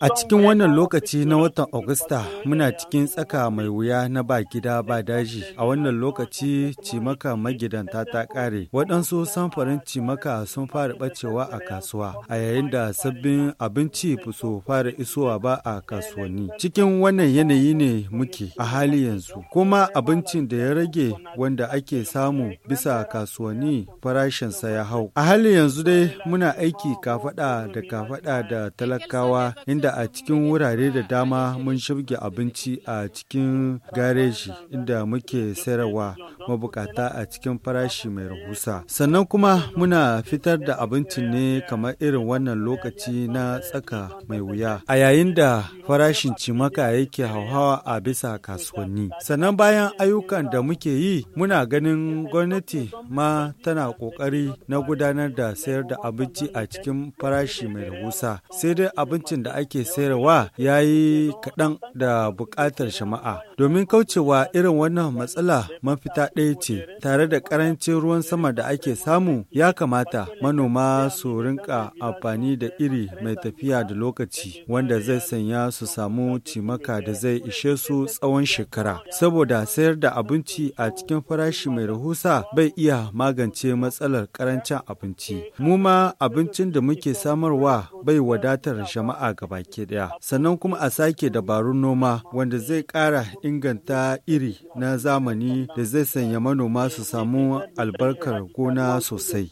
A cikin wannan lokaci na watan Agusta muna cikin tsaka mai wuya na ba gida ba daji. A wannan lokaci cimaka magidanta ta ƙare. Waɗansu samfarin cimaka sun fara ɓacewa a kasuwa, a yayin da sabbin abinci su fara isowa ba a kasuwanni. Cikin wannan yanayi ne muke a hali yanzu. Kuma abincin da ya rage wanda ake samu bisa kasuwanni farashinsa ya hau. A hali yanzu dai muna aiki kafaɗa da kafaɗa hada da talakawa inda a cikin wurare da dama mun shirge abinci a cikin gareji inda muke sayarwa mabukata a cikin farashi mai rahusa sannan kuma muna fitar da abincin ne kamar irin wannan lokaci na tsaka mai wuya a yayin da farashin cimaka yake hauhawa a bisa kasuwanni sannan bayan ayyukan da muke yi muna ganin gwamnati ma tana kokari na gudanar da sayar da abinci a cikin farashi mai rahusa Musa sai dai abincin da ake sayarwa ya yi kaɗan da buƙatar shama'a. Domin kaucewa irin wannan matsala mafita ɗaya ce tare da ƙarancin ruwan sama da ake samu ya kamata manoma su rinka amfani da iri mai tafiya da lokaci wanda zai sanya su samu cimaka da zai ishe su tsawon shekara. Saboda sayar da abinci a cikin farashi mai rahusa bai iya magance matsalar ƙarancin abinci. Mu ma abincin da muke samarwa bai wadatar jama'a gabaki daya sannan kuma a sake dabarun noma wanda zai ƙara inganta iri na zamani da zai sanya manoma su samu albarkar gona sosai